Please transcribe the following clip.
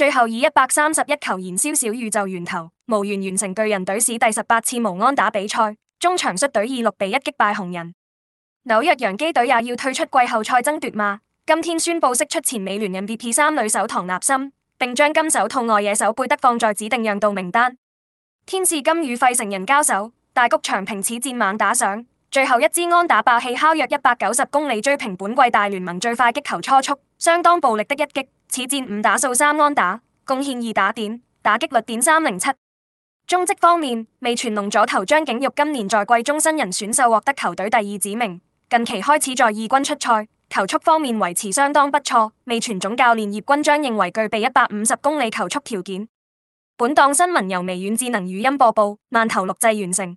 最後以一百三十一球燃燒小宇宙源頭，無緣完成巨人隊史第十八次無安打比賽。中場率隊以六比一擊敗紅人。紐約洋基隊也要退出季後賽爭奪嗎？今天宣布釋出前美聯人 B P 三壘手唐納森，並將金手套外野手貝德放在指定讓渡名單。天使今與費城人交手，大谷翔平此戰猛打賞，最後一支安打霸氣敲約一百九十公里，追平本季大聯盟最快擊球初速。相當暴力的一擊，此戰五打數三安打，貢獻二打點，打擊率點三零七。中職方面，味全龍左投張景玉今年在季中新人選秀獲得球隊第二指名，近期開始在二軍出賽，球速方面維持相當不錯。味全總教練葉君璋認為具備一百五十公里球速條件。本檔新聞由微軟智能語音播報，慢投錄製完成。